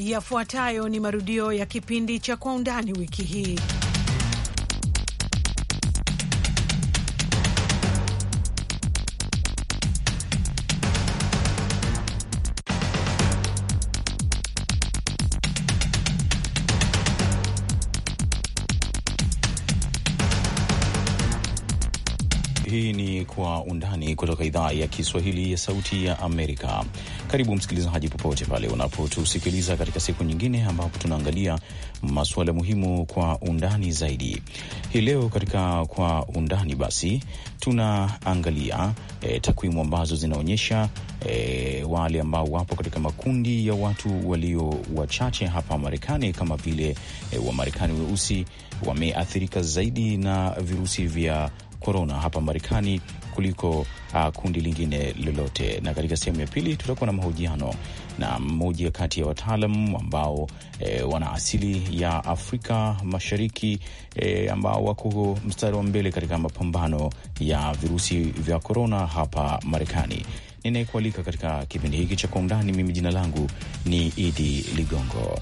Yafuatayo ni marudio ya kipindi cha Kwa Undani wiki hii. Hii ni Kwa Undani kutoka idhaa ya Kiswahili ya Sauti ya Amerika. Karibu msikilizaji, popote pale unapotusikiliza katika siku nyingine ambapo tunaangalia masuala muhimu kwa undani zaidi. Hii leo katika kwa undani basi tunaangalia e, takwimu ambazo zinaonyesha e, wale ambao wapo katika makundi ya watu walio wachache hapa Marekani kama vile e, eh, Wamarekani weusi wameathirika zaidi na virusi vya korona hapa Marekani kuliko uh, kundi lingine lolote. Na katika sehemu ya pili tutakuwa na mahojiano na mmoja kati ya wataalam ambao e, wana asili ya Afrika Mashariki e, ambao wako mstari wa mbele katika mapambano ya virusi vya korona hapa Marekani. Ninayekualika katika kipindi hiki cha Kwa Undani, mimi jina langu ni Idi Ligongo.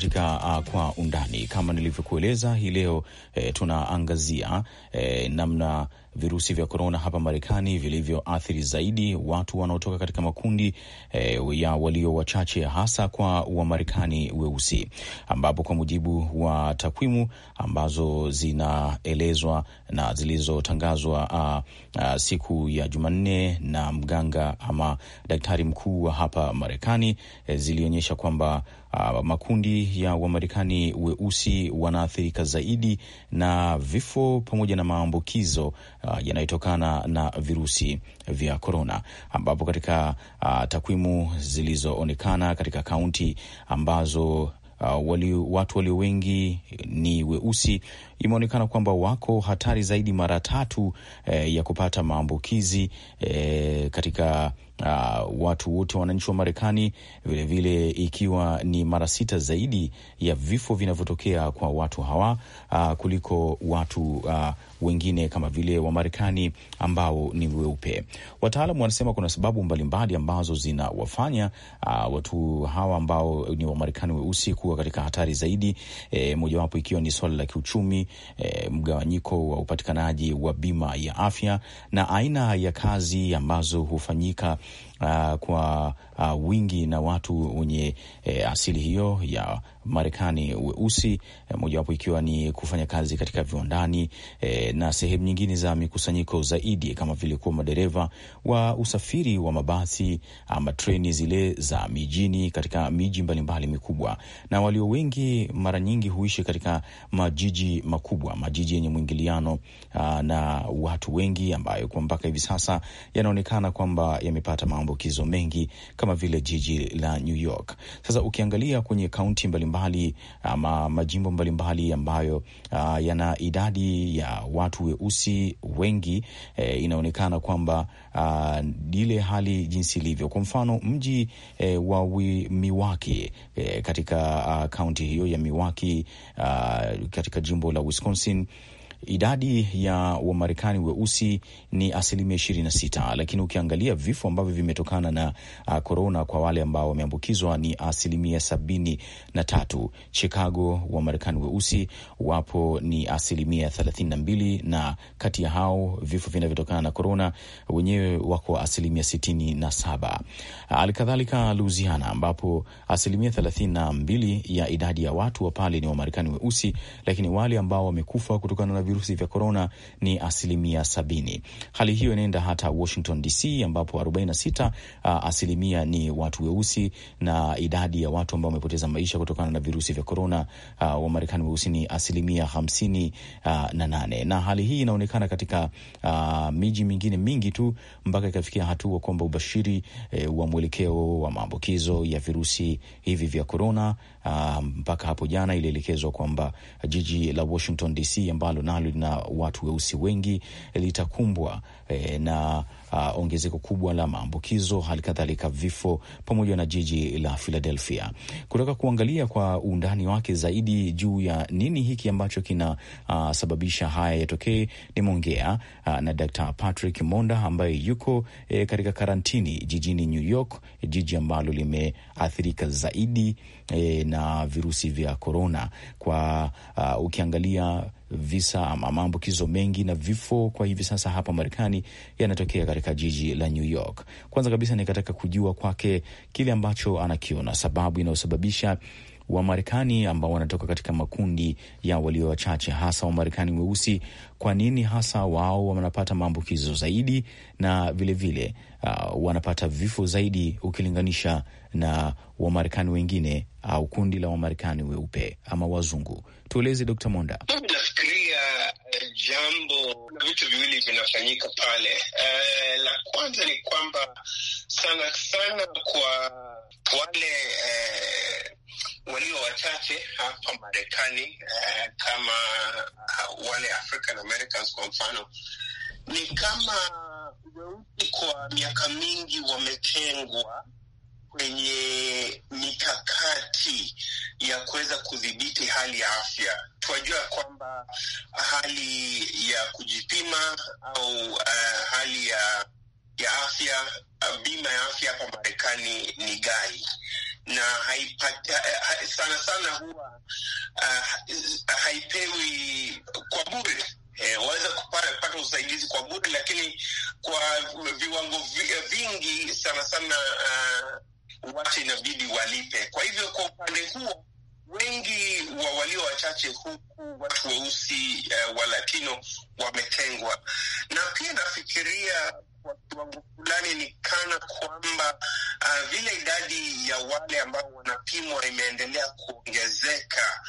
katika uh, kwa undani kama nilivyokueleza hii leo eh, tunaangazia eh, namna virusi vya korona hapa Marekani vilivyoathiri zaidi watu wanaotoka katika makundi e, ya walio wachache hasa kwa Wamarekani weusi, ambapo kwa mujibu wa takwimu ambazo zinaelezwa na zilizotangazwa ah, ah, siku ya Jumanne na mganga ama daktari mkuu wa hapa Marekani e, zilionyesha kwamba Uh, makundi ya Wamarekani weusi wanaathirika zaidi na vifo pamoja na maambukizo uh, yanayotokana na virusi vya korona, ambapo katika uh, takwimu zilizoonekana katika kaunti ambazo Uh, wali, watu walio wengi ni weusi, imeonekana kwamba wako hatari zaidi mara tatu eh, ya kupata maambukizi eh, katika uh, watu wote wananchi wa Marekani, vilevile ikiwa ni mara sita zaidi ya vifo vinavyotokea kwa watu hawa uh, kuliko watu uh, wengine kama vile Wamarekani ambao ni weupe. Wataalam wanasema kuna sababu mbalimbali ambazo zinawafanya uh, watu hawa ambao ni Wamarekani weusi kuwa katika hatari zaidi, e, mojawapo ikiwa ni swala la kiuchumi, e, mgawanyiko wa upatikanaji wa bima ya afya na aina ya kazi ambazo hufanyika uh, kwa uh, wingi na watu wenye eh, asili hiyo ya Marekani weusi, eh, mojawapo ikiwa ni kufanya kazi katika viwandani eh, na sehemu nyingine za mikusanyiko zaidi kama vile kuwa madereva wa usafiri wa mabasi ama treni zile za mijini katika miji mbalimbali mikubwa, na walio wengi mara nyingi huishi katika majiji makubwa, majiji yenye mwingiliano uh, na watu wengi, ambayo kwa mpaka hivi sasa yanaonekana kwamba yamepata mambo maambukizo mengi kama vile jiji la New York. Sasa ukiangalia kwenye kaunti mbalimbali ama majimbo mbalimbali ambayo uh, yana idadi ya watu weusi wengi e, inaonekana kwamba uh, ile hali jinsi ilivyo. Kwa mfano mji e, wa Milwaukee eh, katika uh, kaunti hiyo ya Milwaukee katika jimbo la Wisconsin idadi ya Wamarekani weusi ni asilimia ishirini na sita, lakini ukiangalia vifo ambavyo vimetokana na korona uh, kwa wale ambao wameambukizwa ni asilimia sabini na tatu. Chicago Wamarekani weusi wapo ni asilimia thelathini na mbili, na kati ya hao vifo vinavyotokana na korona wenyewe wako asilimia sitini na saba. Halikadhalika Louisiana, ambapo asilimia thelathini na mbili ya idadi ya watu wa pale ni Wamarekani weusi, lakini wale ambao wamekufa kutokana na virusi vya korona ni asilimia sabini. Hali hiyo inaenda hata Washington DC ambapo 46 uh, asilimia ni watu weusi, na idadi ya watu ambao wamepoteza maisha kutokana na virusi vya korona uh, wa Marekani weusi ni asilimia hamsini uh, na nane, na hali hii inaonekana katika uh, miji mingine mingi tu mpaka ikafikia hatua kwamba ubashiri eh, wa mwelekeo wa maambukizo ya virusi hivi vya korona Ah, mpaka um, hapo jana ilielekezwa kwamba jiji la Washington DC ambalo nalo lina watu weusi wengi litakumbwa e, na uh, ongezeko kubwa la maambukizo, hali kadhalika vifo, pamoja na jiji la Philadelphia. Kutaka kuangalia kwa undani wake zaidi juu ya nini hiki ambacho kinasababisha uh, haya yatokee, nimeongea uh, na Dr. Patrick Monda ambaye yuko eh, katika karantini jijini New York, jiji ambalo limeathirika zaidi eh, na virusi vya korona kwa uh, ukiangalia visa ama maambukizo mengi na vifo kwa hivi sasa hapa Marekani yanatokea katika jiji la New York. Kwanza kabisa nikataka kujua kwake kile ambacho anakiona sababu inayosababisha Wamarekani ambao wanatoka katika makundi ya walio wachache hasa Wamarekani weusi, kwa nini hasa wao wanapata maambukizo zaidi na vilevile vile, uh, wanapata vifo zaidi ukilinganisha na Wamarekani wengine au kundi la Wamarekani weupe ama wazungu? Tueleze Dr. Monda jambo, vitu viwili vinafanyika pale. E, la kwanza ni kwamba sana sana kwa wale e, walio wachache hapa Marekani e, kama uh, wale African Americans kwa mfano ni kama weusi kwa miaka mingi wametengwa kwenye mikakati ya kuweza kudhibiti hali ya afya. Tunajua kwamba hali ya kujipima au uh, hali ya ya afya eh, bima ya afya hapa Marekani ni ghali na haipata, ha, eh, sana sana huwa uh, haipewi kwa bure. Eh, waweza kupata usaidizi kwa bure, lakini kwa viwango vingi sana sana uh, watu inabidi walipe. Kwa hivyo kwa upande huo wengi wa walio wachache huku watu weusi uh, wa Latino wametengwa, na pia nafikiria kwa kiwango fulani ni kana kwamba uh, vile idadi ya wale ambao wanapimwa imeendelea kuongezeka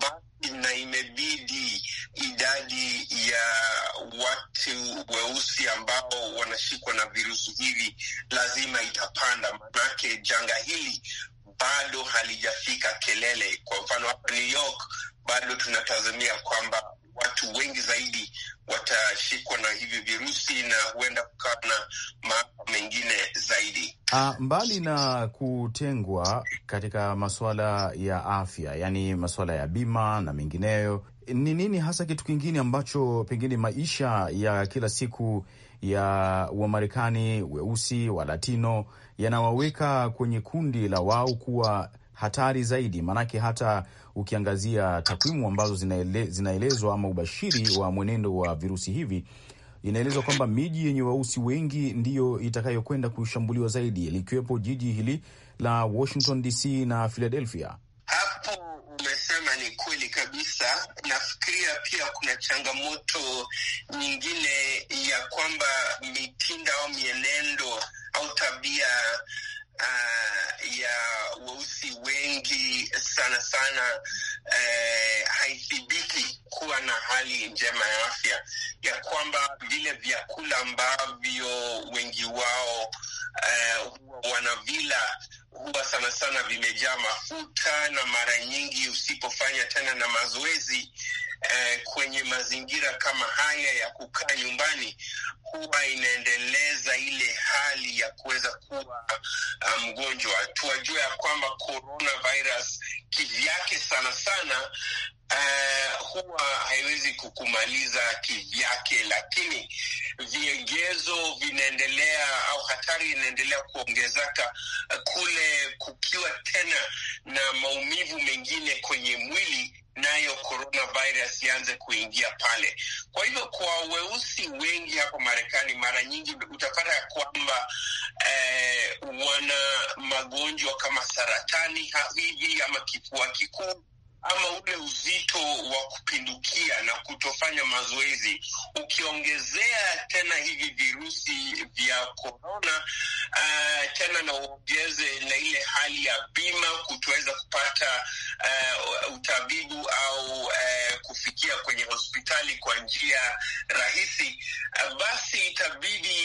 basi na imebidi idadi ya watu weusi ambao wanashikwa na virusi hivi lazima itapanda, manake janga hili bado halijafika kelele. Kwa mfano hapa New York bado tunatazamia kwamba watu wengi zaidi watashikwa na hivi virusi na huenda kukawa na maafa mengine zaidi. Ah, mbali na kutengwa katika masuala ya afya, yani masuala ya bima na mengineyo, ni nini hasa kitu kingine ambacho pengine maisha ya kila siku ya Wamarekani weusi wa Latino yanawaweka kwenye kundi la wao kuwa hatari zaidi, maanake hata ukiangazia takwimu ambazo zinaele, zinaelezwa ama ubashiri wa mwenendo wa virusi hivi inaelezwa kwamba miji yenye weusi wengi ndiyo itakayokwenda kushambuliwa zaidi, likiwepo jiji hili la Washington DC na Philadelphia. Hapo umesema ni kweli kabisa. Nafikiria pia kuna changamoto nyingine ya kwamba mitindo au mienendo au tabia uh, ya weusi wengi sana sana uh, haithibiti kuwa na hali njema ya afya, ya kwamba vile vyakula ambavyo wengi wao uh, wanavila huwa sana sana vimejaa mafuta, na mara nyingi usipofanya tena na mazoezi eh, kwenye mazingira kama haya ya kukaa nyumbani huwa inaendeleza ile hali ya kuweza kuwa ah, mgonjwa. tuwajua ya kwamba coronavirus kivyake sana sana Uh, huwa haiwezi kukumaliza kivyake, lakini viegezo vinaendelea au hatari inaendelea kuongezeka eh, kule kukiwa tena na maumivu mengine kwenye mwili nayo coronavirus ianze kuingia pale. Kwa hivyo kwa weusi wengi hapo Marekani, mara nyingi utapata ya kwamba eh, wana magonjwa kama saratani hivi ama kifua kikuu ama ule uzito wa kupindukia na kutofanya mazoezi, ukiongezea tena hivi virusi vya korona uh, tena na uongeze na ile hali ya bima kutoweza kupata uh, utabibu au uh, kufikia kwenye hospitali kwa njia rahisi uh, basi itabidi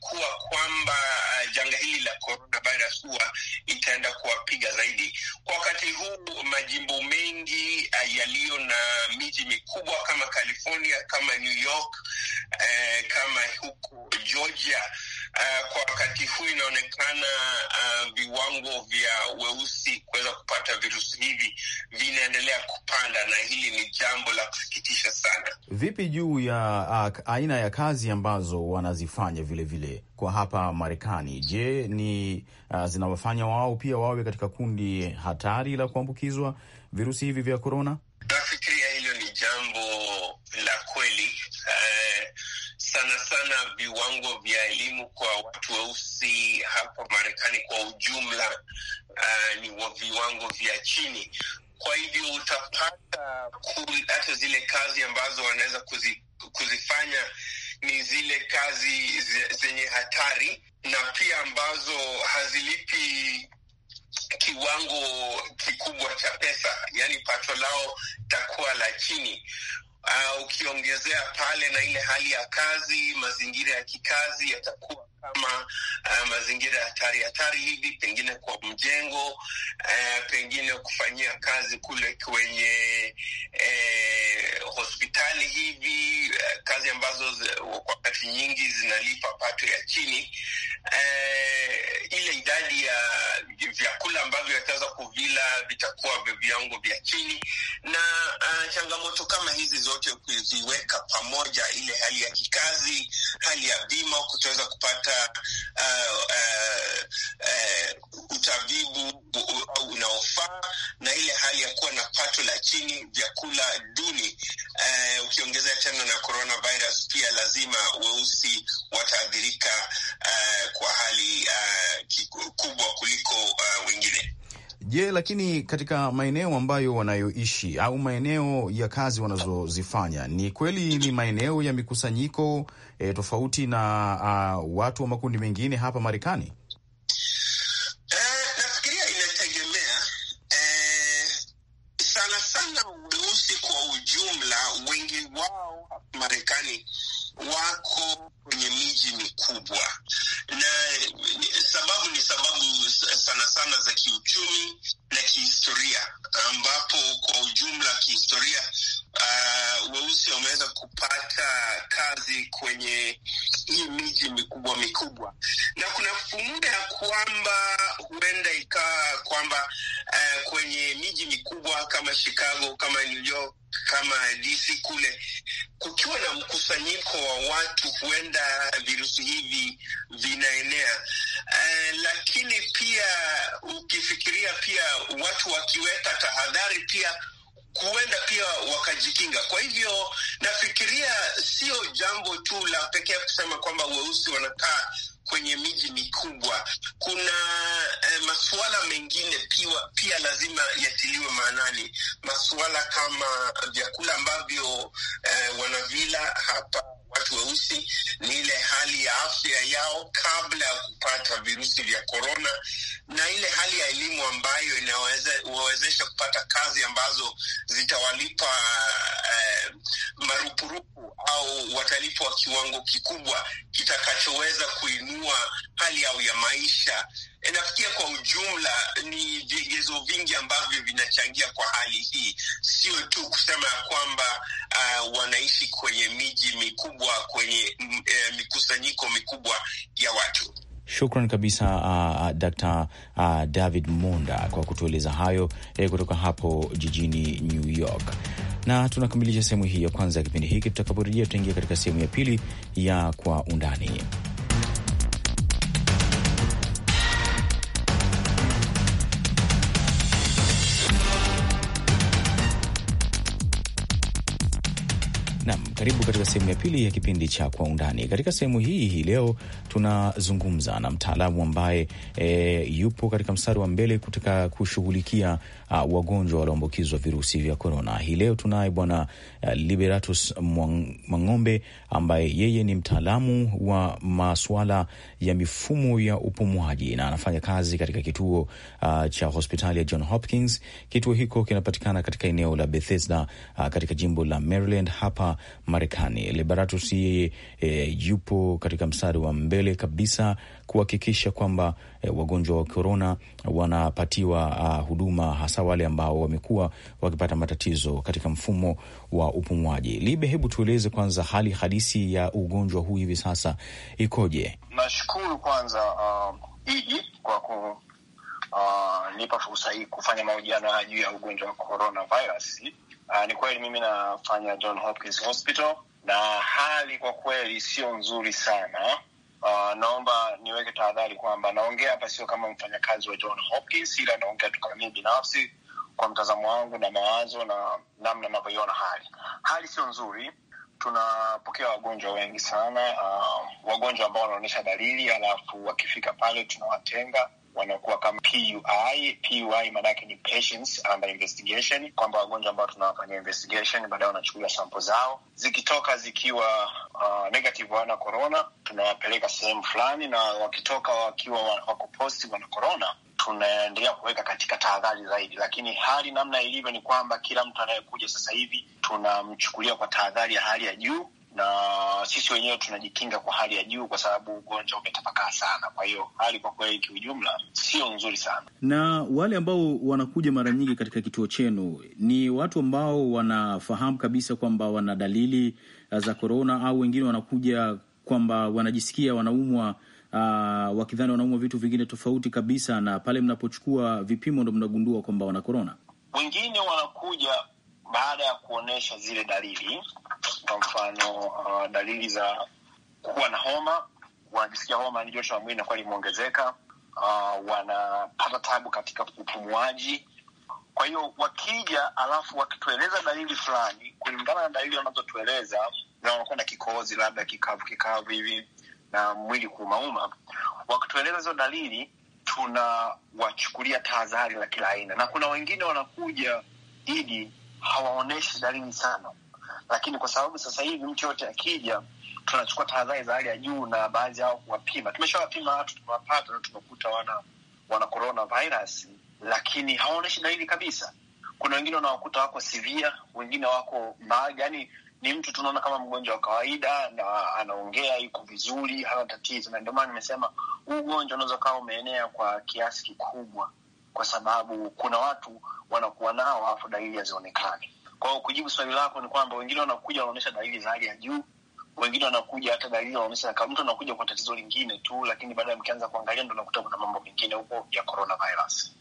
kuwa kwamba uh, janga hili la coronavirus huwa itaenda kuwapiga zaidi. Kwa wakati huu majimbo mengi mengi eh, yaliyo na miji mikubwa kama California, kama New York, eh, kama huku Georgia. Uh, kwa wakati huu inaonekana uh, viwango vya weusi kuweza kupata virusi hivi vinaendelea kupanda, na hili ni jambo la kusikitisha sana. Vipi juu ya uh, aina ya kazi ambazo wanazifanya vilevile vile kwa hapa Marekani? Je, ni uh, zinawafanya wao pia wawe katika kundi hatari la kuambukizwa virusi hivi vya korona? Nafikiria hilo ni jambo la kweli. Eh, sana sana viwango vya elimu kwa watu weusi hapa Marekani kwa ujumla uh, ni wa viwango vya chini. Kwa hivyo utapata hata zile kazi ambazo wanaweza kuzi, kuzifanya ni zile kazi zenye hatari na pia ambazo hazilipi kiwango kikubwa cha pesa, yaani pato lao takuwa la chini. Uh, ukiongezea pale na ile hali ya kazi, mazingira ya kikazi yatakuwa kama uh, mazingira hatari hatari hivi, pengine kwa mjengo uh, pengine kufanyia kazi kule kwenye uh, hospitali hivi uh, kazi ambazo kwa wakati nyingi zinalipa pato ya chini uh, ile idadi ya vyakula ambavyo yataweza kuvila vitakuwa viwango vya chini, na uh, changamoto kama hizi zote ukiziweka pamoja, ile hali ya kikazi hali ya bima, kutoweza kupata uh, uh, uh, utabibu unaofaa na ile hali ya kuwa na pato la chini, vyakula duni. Uh, ukiongezea tena na coronavirus, pia lazima weusi wataathirika uh, kwa hali uh, kubwa kuliko uh, wengine. Je, lakini katika maeneo ambayo wanayoishi au maeneo ya kazi wanazozifanya, ni kweli ni maeneo ya mikusanyiko e, tofauti na uh, watu wa makundi mengine hapa Marekani? E, e, wako kwenye miji mikubwa, sababu ni sababu sana sana za kiuchumi na kihistoria, ambapo kwa ujumla kihistoria weusi wameweza kupata kazi kwenye hii miji mikubwa mikubwa, na kuna fumuda ya kwamba huenda ikawa kwamba uh, kwenye miji mikubwa kama Chicago, kama New York, kama DC kule, kukiwa na mkusanyiko wa watu, huenda virusi hivi vinaenea. Uh, lakini pia ukifikiria pia watu wakiweka tahadhari pia huenda pia wakajikinga. Kwa hivyo nafikiria sio jambo tu la pekee kusema kwamba weusi wanakaa kwenye miji mikubwa. Kuna eh, masuala mengine pia, pia lazima yatiliwe maanani, masuala kama vyakula ambavyo eh, wanavila hapa watu weusi ni ile hali ya afya yao kabla ya kupata virusi vya korona na ile hali ya elimu ambayo inawa kuwawezesha kupata kazi ambazo zitawalipa eh, marupurupu au watalipwa wa kiwango kikubwa kitakachoweza kuinua hali yao ya maisha. E, nafikia kwa ujumla ni vigezo vingi ambavyo vinachangia kwa hali hii, sio tu kusema ya kwamba uh, wanaishi kwenye miji mikubwa, kwenye uh, mikusanyiko mikubwa ya watu. Shukran kabisa uh, Dr. uh, David Monda kwa kutueleza hayo eh, kutoka hapo jijini New York na tunakamilisha sehemu hii ya kwanza ya kipindi hiki. Tutakaporejea tutaingia katika sehemu ya pili ya Kwa Undani. Nam, karibu katika sehemu ya pili ya kipindi cha Kwa Undani. Katika sehemu hii hii leo tunazungumza na mtaalamu ambaye e, yupo katika mstari wa mbele kutika kushughulikia uh, wagonjwa walioambukizwa virusi vya korona. Hii leo tunaye bwana uh, Liberatus Mwang'ombe ambaye yeye ni mtaalamu wa masuala ya mifumo ya upumuaji na anafanya kazi katika kituo uh, cha hospitali ya John Hopkins. Kituo hiko kinapatikana katika eneo la Bethesda uh, katika jimbo la Maryland hapa Marekani. Liberatus yeye yupo katika mstari wa mbele kabisa kuhakikisha kwamba e, wagonjwa wa korona wanapatiwa a, huduma hasa wale ambao wamekuwa wakipata matatizo katika mfumo wa upumuaji. Libe, hebu tueleze kwanza hali halisi ya ugonjwa huu hivi sasa ikoje? Nashukuru kwanza iji uh, kwa kunipa uh, fursa hii kufanya mahojiano juu ya ugonjwa wa coronavirus Uh, ni kweli mimi nafanya John Hopkins Hospital na hali kwa kweli sio nzuri sana. Uh, naomba niweke tahadhari kwamba naongea hapa sio kama mfanyakazi wa John Hopkins, ila naongea tu kama mimi binafsi kwa mtazamo wangu na mawazo na namna navyoiona hali. Hali sio nzuri, tunapokea wagonjwa wengi sana, uh, wagonjwa ambao wanaonyesha dalili, alafu wakifika pale tunawatenga wanakuwa kama PUI. PUI maanake ni patients under investigation, kwamba wagonjwa ambao tunawafanyia investigation, baadaye wanachukulia sampo zao, zikitoka zikiwa uh, negative, wana corona, tunawapeleka sehemu fulani, na wakitoka wakiwa wako positive, wana corona tunaendelea kuweka katika tahadhari zaidi, lakini hali namna ilivyo ni kwamba kila mtu anayekuja sasa hivi tunamchukulia kwa tahadhari ya hali ya juu, na sisi wenyewe tunajikinga kwa hali ya juu, kwa sababu ugonjwa umetapakaa sana. Kwa hiyo hali kwa kweli kiujumla sio nzuri sana. Na wale ambao wanakuja mara nyingi katika kituo chenu ni watu ambao wanafahamu kabisa kwamba wana dalili uh, za korona, au wengine wanakuja kwamba wanajisikia wanaumwa Uh, wakidhani wanaumwa vitu vingine tofauti kabisa, na pale mnapochukua vipimo ndo mnagundua kwamba wana korona. Wengine wanakuja baada ya kuonyesha zile dalili, kwa mfano uh, dalili za kuwa na homa, wanajisikia homa, ni josho la mwili inakuwa limeongezeka, uh, wanapata tabu katika upumuaji. Kwa hiyo wakija, alafu wakitueleza dalili fulani, kulingana na dalili wanazotueleza, na wanakuwa na kikozi labda kikavu kikavu hivi na mwili kuumauma, wakitueleza hizo dalili tunawachukulia tahadhari la kila aina, na kuna wengine wanakuja idi hawaonyeshi dalili sana lakini kwa sababu sasa hivi mtu yote akija tunachukua tahadhari za hali ya juu na baadhi yao kuwapima. Tumeshawapima watu tumewapata na tumekuta wana wana corona virus, lakini hawaoneshi dalili kabisa. Kuna wengine wanawakuta wako sivia, wengine wako maagi, yani ni mtu tunaona kama mgonjwa wa kawaida na anaongea, yuko vizuri, hana tatizo. Na ndio maana nimesema huu ugonjwa unaweza ukawa umeenea kwa kiasi kikubwa, kwa sababu kuna watu wanakuwa nao afu dalili hazionekani. Kwao kujibu swali lako ni kwamba wengine wanakuja wanaonyesha dalili za hali ya juu, wengine wanakuja hata dalili wanaonyesha kama mtu anakuja kwa tatizo lingine tu, lakini baada ya mkianza kuangalia ndo nakuta kuna mambo mengine huko ya coronavirus.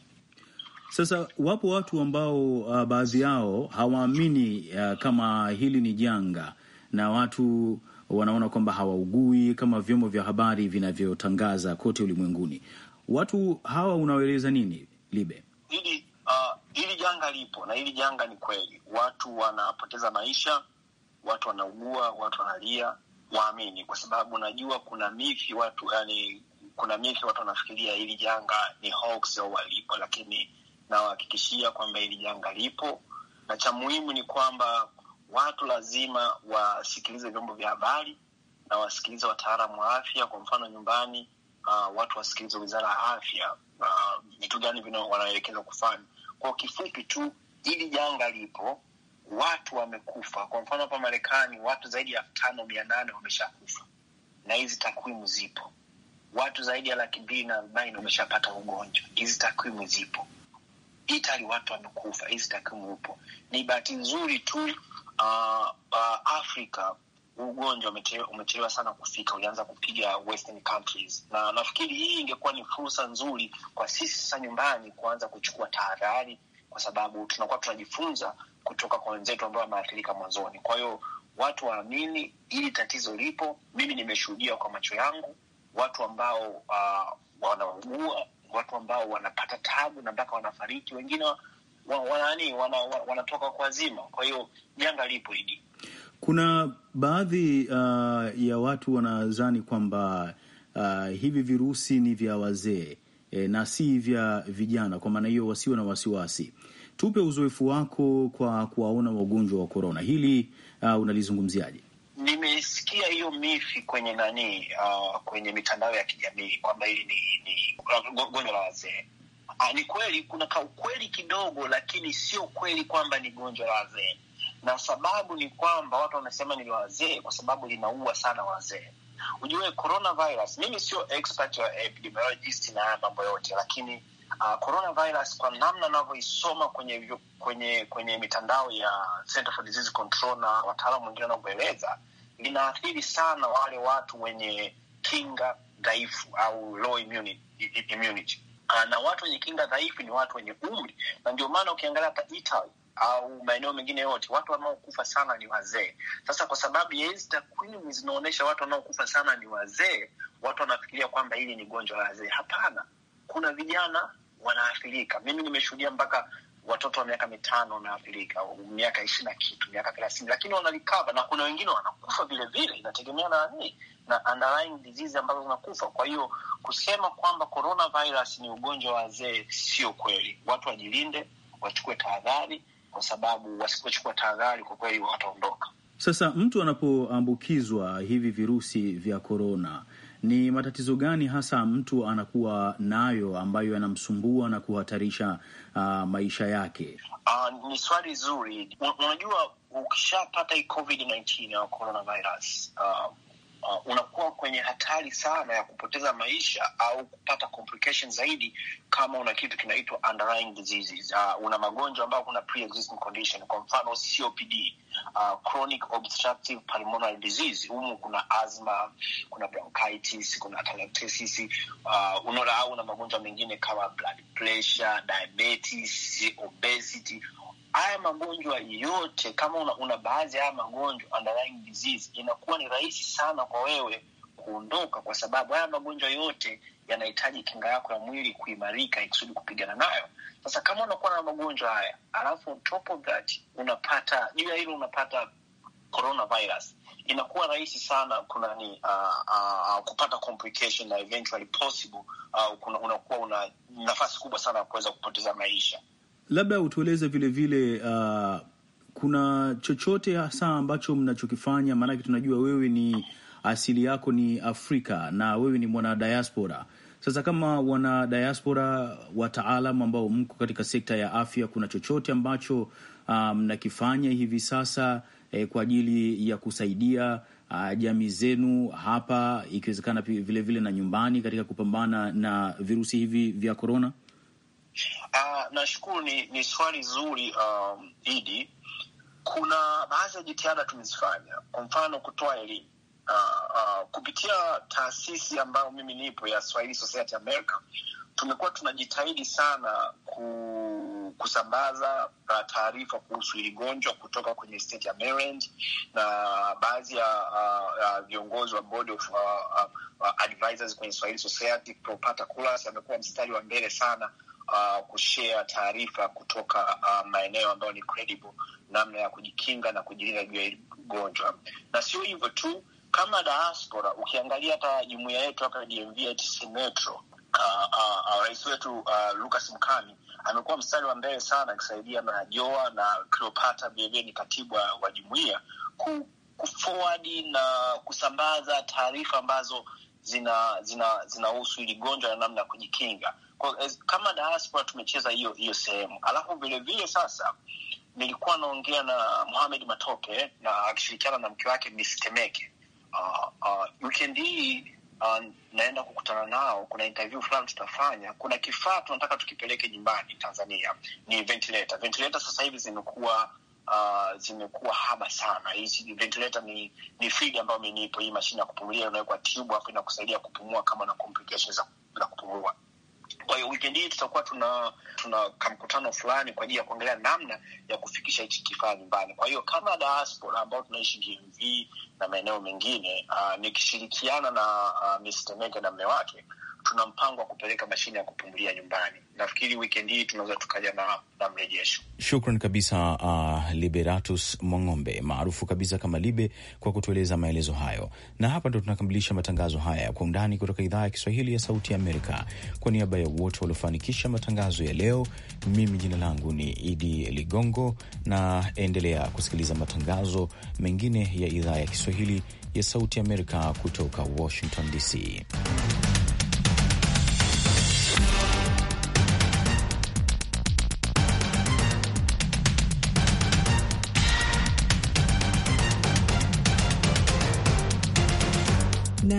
Sasa wapo watu ambao uh, baadhi yao hawaamini uh, kama hili ni janga na watu wanaona kwamba hawaugui kama vyombo vya habari vinavyotangaza kote ulimwenguni. Watu hawa unaweleza nini, Libe? Hili janga lipo na hili janga ni kweli, watu wanapoteza maisha, watu wanaugua, watu wanalia. Waamini, kwa sababu najua kuna mifi watu, yani kuna mifi watu wanafikiria hili janga ni hoax au walipo, lakini nawahakikishia kwamba hili janga lipo, na cha muhimu ni kwamba watu lazima wasikilize vyombo vya habari na wasikilize wataalamu wa afya. Kwa mfano nyumbani, uh, watu wasikilize wizara ya afya, ah, vitu uh, gani vinaelekezwa kufanya kwa kifupi tu, hili janga lipo, watu wamekufa. Kwa mfano hapa Marekani watu zaidi ya elfu tano mia nane wameshakufa na hizi takwimu zipo. Watu zaidi ya laki mbili na arobaini wameshapata ugonjwa, hizi takwimu zipo. Itali watu wamekufa, hizi takwimu upo. Ni bahati nzuri tu uh, uh, Afrika ugonjwa umechelewa sana kufika, ulianza kupiga western countries, na nafikiri hii ingekuwa ni fursa nzuri kwa sisi sasa nyumbani kuanza kuchukua tahadhari, kwa sababu tunakuwa tunajifunza kutoka kwa wenzetu ambao wameathirika mwanzoni. Kwa hiyo watu waamini ili tatizo lipo. Mimi nimeshuhudia kwa macho yangu watu ambao uh, wanaugua, watu ambao wanapata tabu na mpaka wanafariki, wengine wa, wa, wanatoka wana, wana kwa zima. Kwa hiyo janga lipo hili kuna baadhi uh, ya watu wanadhani kwamba uh, hivi virusi ni vya wazee e, na si vya vijana. Kwa maana hiyo, wasiwe na wasiwasi. Tupe uzoefu wako kwa kuwaona wagonjwa wa korona, hili uh, unalizungumziaje? Nimesikia hiyo mifi kwenye nani, uh, kwenye mitandao ya kijamii kwamba hili ni, ni gonjwa la wazee. Ah, ni kweli kuna kaukweli kidogo, lakini sio kweli kwamba ni gonjwa la wazee na sababu ni kwamba watu wanasema ni wazee, kwa sababu linaua sana wazee. Ujue coronavirus, mimi sio expert wa epidemiologist na mambo yote, lakini uh, coronavirus kwa namna anavyoisoma kwenye kwenye kwenye mitandao ya Center for Disease Control na wataalamu wengine wanavyoeleza, linaathiri sana wale watu wenye kinga dhaifu au low immunity, immunity. Uh, na watu wenye kinga dhaifu ni watu wenye umri, na ndio maana ukiangalia hata Italy au maeneo mengine yote, watu wanaokufa sana ni wazee. Sasa kwa sababu ya hizi takwimu zinaonyesha watu wanaokufa sana ni wazee, watu wanafikiria kwamba hili ni gonjwa la wazee. Hapana, kuna vijana wanaathirika. Mimi nimeshuhudia mpaka watoto wa miaka mitano wanaathirika, miaka ishirini na kitu, miaka thelathini, lakini wanarikava, na kuna wengine wanakufa vilevile. Inategemea na nini na underlying disease ambazo zinakufa. Kwa hiyo kusema kwamba coronavirus ni ugonjwa wa wazee sio kweli. Watu wajilinde, wachukue tahadhari kwa sababu wasipochukua tahadhari, kwa kweli wataondoka. Sasa mtu anapoambukizwa hivi virusi vya korona, ni matatizo gani hasa mtu anakuwa nayo ambayo yanamsumbua na kuhatarisha uh, maisha yake? Uh, ni swali zuri. Unajua, ukishapata COVID-19 au coronavirus uh, uh, unakuwa kwenye hatari sana ya kupoteza maisha au kupata complication zaidi kama una kitu kinaitwa underlying diseases. Uh, una magonjwa ambayo kuna pre-existing condition, kwa mfano COPD, uh, chronic obstructive pulmonary disease. Humu kuna asthma, kuna bronchitis, kuna atelectasis, uh, unaona, au una magonjwa mengine kama blood pressure, diabetes, obesity haya magonjwa yote, kama una, una baadhi ya haya magonjwa underlying disease, inakuwa ni rahisi sana kwa wewe kuondoka, kwa sababu haya magonjwa yote yanahitaji kinga yako ya mwili kuimarika ikusudi kupigana nayo. Sasa kama unakuwa na magonjwa haya alafu on top of that unapata juu ya hilo unapata coronavirus inakuwa rahisi sana kuna ni uh, uh, uh kupata complication na eventually possible uh, kuna, unakuwa una nafasi kubwa sana ya kuweza kupoteza maisha labda utueleze vilevile uh, kuna chochote hasa ambacho mnachokifanya? Maanake tunajua wewe ni asili yako ni Afrika na wewe ni mwana diaspora. Sasa kama wana diaspora wataalam ambao mko katika sekta ya afya, kuna chochote ambacho uh, mnakifanya um, hivi sasa eh, kwa ajili ya kusaidia uh, jamii zenu hapa, ikiwezekana vilevile na nyumbani katika kupambana na virusi hivi vya korona? Uh, nashukuru ni, ni swali zuri um, Idi. Kuna baadhi ya jitihada tumezifanya, kwa mfano kutoa elimu uh, uh, kupitia taasisi ambayo mimi nipo ya Swahili Society America, tumekuwa tunajitahidi sana ku, kusambaza taarifa kuhusu hili gonjwa kutoka kwenye state ya Maryland na baadhi ya viongozi uh, viongozi wa board of uh, uh, advisors kwenye Swahili Society, Cleopatra Kulas amekuwa mstari wa mbele sana uh, kushea taarifa kutoka uh, maeneo ambayo ni credible, namna ya kujikinga na kujilinda juu ya hili gonjwa. Na sio hivyo tu, kama diaspora, ukiangalia hata jumuia yetu hapa DMV Metro, uh, uh, uh, rais wetu uh, Lucas Mkami amekuwa mstari wa mbele sana akisaidia na Joa na Cleopatra, vilevile ni katibu wa jumuia kuforwadi na kusambaza taarifa ambazo zinahusu zina, zina hili gonjwa na namna ya kujikinga kama diaspora tumecheza hiyo hiyo sehemu, alafu vilevile sasa nilikuwa naongea na Mohamed Matope na akishirikiana na mke wake Miss uh, uh, weekend hii uh, naenda kukutana nao. Kuna interview fulani tutafanya. Kuna kifaa tunataka tukipeleke nyumbani Tanzania ni ventilator. Ventilator sasa hivi zimekuwa uh, zimekuwa haba sana. Hizi ventilator ni ni free ambayo nipo hii mashine ya kupumulia, unawekwa tube hapo, inakusaidia kupumua kama na complications za kupumua kwa hiyo wikendi hii tutakuwa tuna tuna kamkutano fulani kwa ajili ya kuangalia namna ya kufikisha hichi kifaa nyumbani. Kwa hiyo kama diaspora ambao tunaishi GMV na maeneo mengine, uh, nikishirikiana na uh, ah, Mr. Mega na mme wake tuna mpango wa kupeleka mashine ya kupumulia nyumbani. Nafikiri wikendi hii tunaweza tukaja na, na mrejesho. Shukran kabisa uh, Liberatus Mwang'ombe maarufu kabisa kama Libe kwa kutueleza maelezo hayo, na hapa ndo tunakamilisha matangazo haya ya Kwa Undani kutoka idhaa ya Kiswahili ya Sauti ya Amerika. Kwa niaba ya wote waliofanikisha matangazo ya leo, mimi jina langu ni Idi Ligongo, na endelea kusikiliza matangazo mengine ya idhaa ya Kiswahili ya Sauti ya Amerika kutoka Washington DC.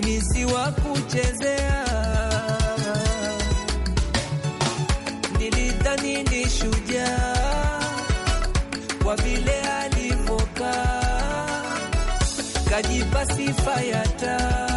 mimi si wa kuchezea, nilidhani ni shujaa kwa vile alivyokaa kajipa sifa ya taa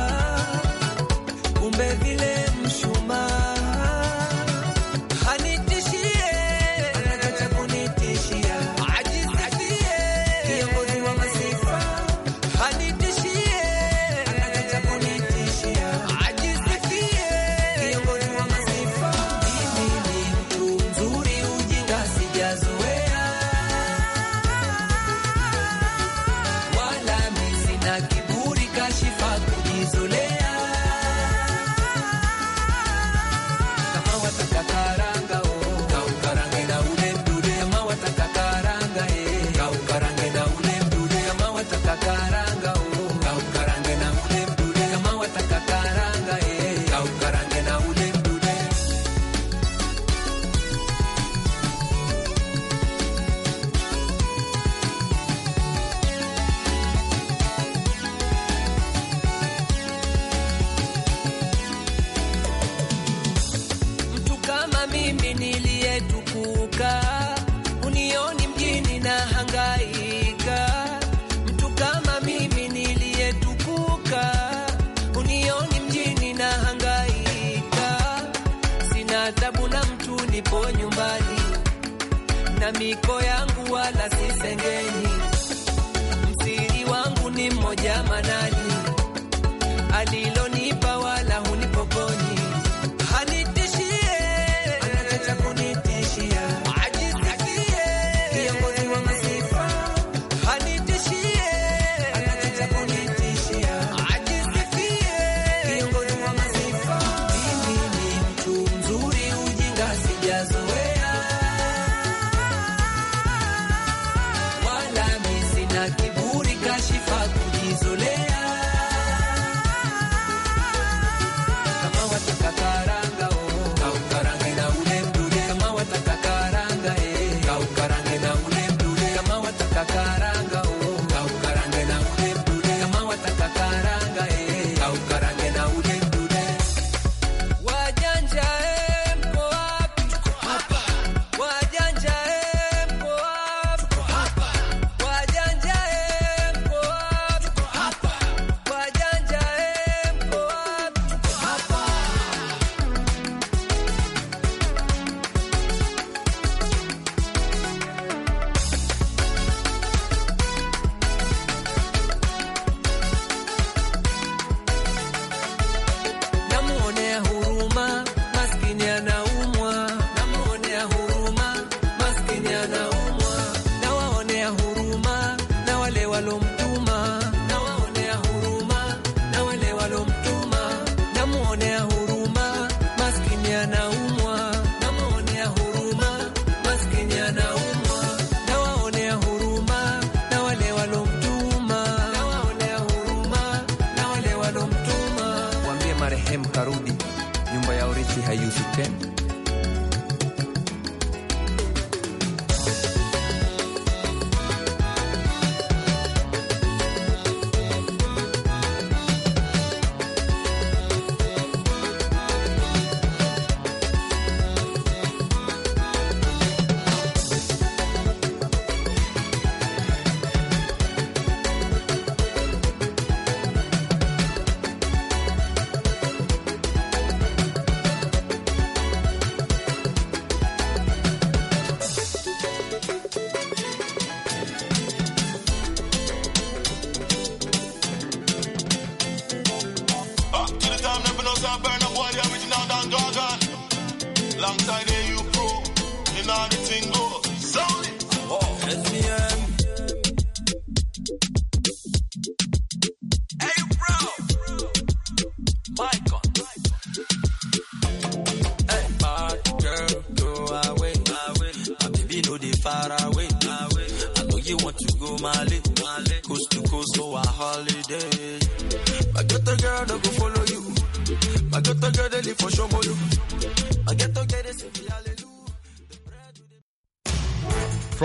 maandiko yangu wala